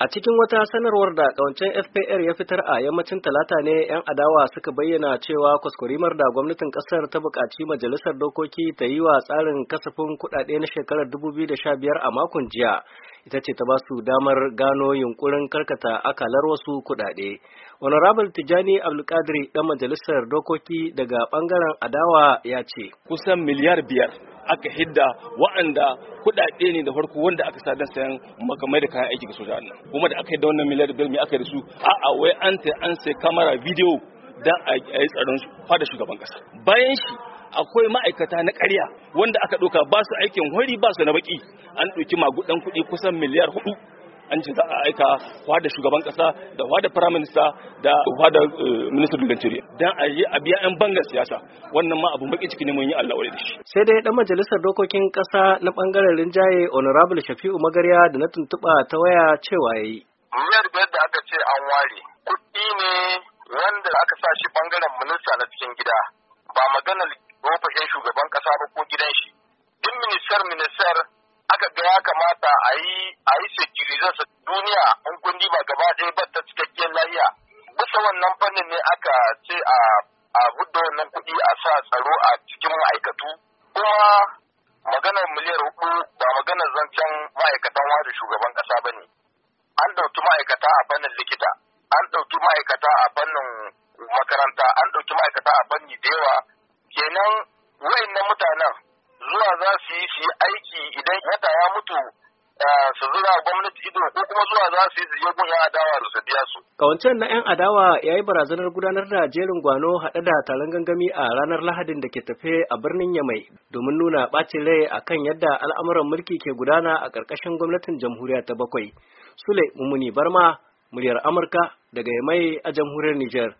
A cikin wata sanarwar da kawancen FPR ya fitar a yammacin talata ne 'yan adawa suka bayyana cewa kwaskwarimar da gwamnatin kasar ta buƙaci majalisar dokoki ta yi wa tsarin kasafin kuɗaɗe na shekarar 2015 a makon jiya ita ce ta basu damar gano yunkurin karkata akalar wasu kuɗaɗe. Honorable Tijani Abdulkadir ɗan majalisar dokoki daga ɓangaren adawa ya ce. Kusan miliyar biyar aka hidda wa'anda kuɗaɗe ne da farko wanda aka sa dan sayan makamai da kayan aiki ga sojan nan kuma da aka yi da wannan miliyar biyar me aka yi da su a'a wai an ta an sai kamera bidiyo da a yi tsaron fada shugaban kasa bayan shi akwai ma'aikata na ƙarya wanda aka ɗauka ba su aikin hori ba su na baki an ɗauki magudan kuɗi kusan miliyar hudu an ce za a aika wa da shugaban kasa da wa da prime minister da hwa da eh, minister dan a yi a yan bangar siyasa wannan ma abu baki ciki ne mun yi Allah da shi sai dai dan majalisar dokokin kasa na bangaren rinjaye honorable Shafi'u Magarya da na tuntuba ta waya cewa yayi miliyar biyar da aka ce an ware kuɗi ne wanda aka sa shi bangaren minista na cikin gida ba maganar ofishin shugaban kasa ba ko gidan shi duk minister minister aka ga ya kamata a yi a yi duniya in kun ba gaba ɗaya ba ta cikakkiyar lahiya bisa wannan fannin ne aka ce a a hudu wannan kuɗi a sa tsaro a cikin ma'aikatu kuma maganar miliyar hudu ba maganar zancen ma'aikatan da shugaban ƙasa ba ne an ɗauki ma'aikata a fannin likita an ɗauki ma'aikata a fannin makaranta an ɗauki ma'aikata a fanni da yawa kenan na mutanen zuwa za su yi su aiki idan wata ya mutu eh, su zura gwamnati ido ko kuma zuwa za su yi su yi adawa da su biya su. Kawancen na 'yan adawa ya yi barazanar gudanar da jerin gwano haɗe da taron gangami a ranar Lahadin da ke tafe a birnin Yamai domin nuna ɓacin rai a kan yadda al'amuran mulki ke gudana a ƙarƙashin gwamnatin jamhuriya ta bakwai. Sule Mumuni Barma, muryar Amurka daga Yamai a jamhuriyar Nijar.